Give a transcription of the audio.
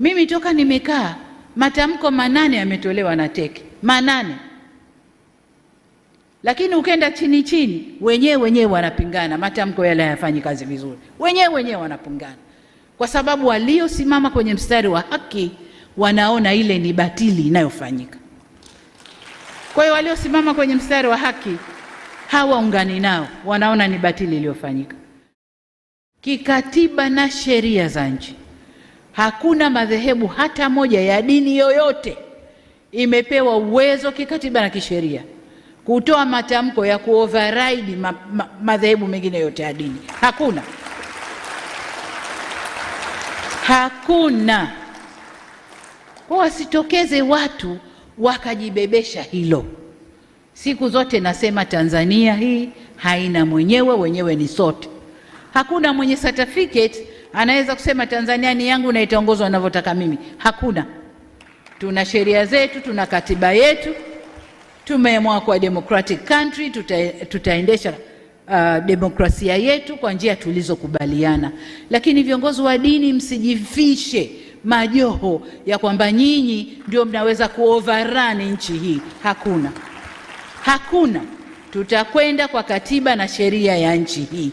Mimi toka nimekaa matamko manane yametolewa na teke manane, lakini ukenda chini chini, wenyewe wenyewe wanapingana, matamko yale hayafanyi kazi vizuri, wenyewe wenyewe wanapingana, kwa sababu waliosimama kwenye mstari wa haki wanaona ile ni batili inayofanyika. Kwa hiyo waliosimama kwenye mstari wa haki hawaungani nao, wanaona ni batili iliyofanyika kikatiba na sheria za nchi. Hakuna madhehebu hata moja ya dini yoyote imepewa uwezo kikatiba na kisheria kutoa matamko ya override ma, ma, madhehebu mengine yote ya dini. Hakuna, hakuna. Kwa wasitokeze watu wakajibebesha hilo. Siku zote nasema Tanzania hii haina mwenyewe, wenyewe ni sote. Hakuna mwenye certificate Anaweza kusema Tanzania ni yangu na itaongozwa ninavyotaka mimi? Hakuna. Tuna sheria zetu, tuna katiba yetu, tumeamua kwa democratic country tuta, tutaendesha uh, demokrasia yetu kwa njia tulizokubaliana. Lakini viongozi wa dini msijifishe majoho ya kwamba nyinyi ndio mnaweza kuoverrun nchi hii. Hakuna, hakuna. Tutakwenda kwa katiba na sheria ya nchi hii